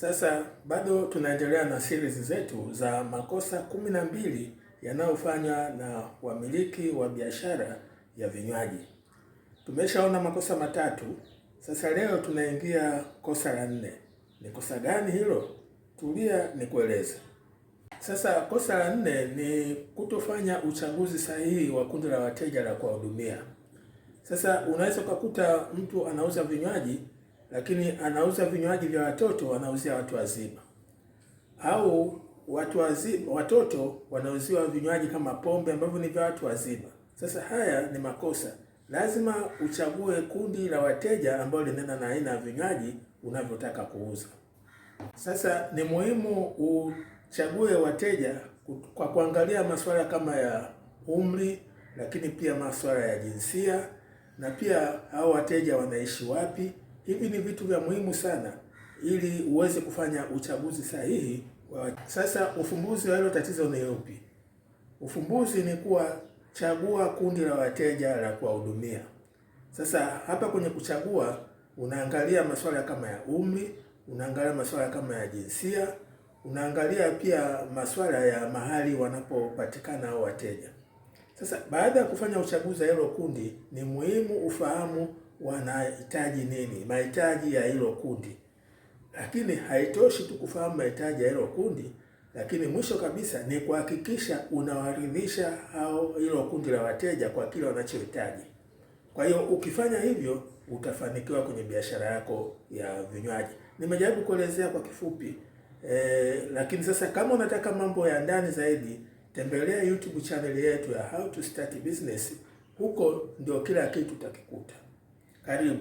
Sasa bado tunaendelea na series zetu za makosa kumi na mbili yanayofanywa na wamiliki wa biashara ya vinywaji. Tumeshaona makosa matatu, sasa leo tunaingia kosa la nne. Ni kosa gani hilo? Tulia nikueleze. Sasa kosa la nne ni kutofanya uchaguzi sahihi wa kundi la wateja la kuwahudumia. Sasa unaweza ukakuta mtu anauza vinywaji lakini anauza vinywaji vya watoto, anauzia watu wazima, au watu wazima, watoto wanauziwa vinywaji kama pombe ambavyo ni vya watu wazima. Sasa haya ni makosa. Lazima uchague kundi la wateja ambao linaenda na aina ya vinywaji unavyotaka kuuza. Sasa ni muhimu uchague wateja kwa kuangalia masuala kama ya umri, lakini pia masuala ya jinsia na pia hao wateja wanaishi wapi. Hivi ni vitu vya muhimu sana ili uweze kufanya uchaguzi sahihi. Sasa ufumbuzi wa hilo tatizo ni upi? Ufumbuzi ni kuwa chagua kundi la wateja la kuwahudumia. Sasa hapa kwenye kuchagua, unaangalia masuala kama ya umri, unaangalia masuala kama ya jinsia, unaangalia pia masuala ya mahali wanapopatikana hao wateja. Sasa baada ya kufanya uchaguzi wa hilo kundi, ni muhimu ufahamu wanahitaji nini, mahitaji ya hilo kundi. Lakini haitoshi tu kufahamu mahitaji ya hilo kundi, lakini mwisho kabisa ni kuhakikisha unawaridhisha hao hilo kundi la wateja kwa kile wanachohitaji. Kwa hiyo ukifanya hivyo utafanikiwa kwenye biashara yako ya vinywaji. Nimejaribu kuelezea kwa kifupi eh, lakini sasa kama unataka mambo ya ndani zaidi, tembelea YouTube channel yetu ya How to Start Business. Huko ndio kila kitu utakikuta. 态度。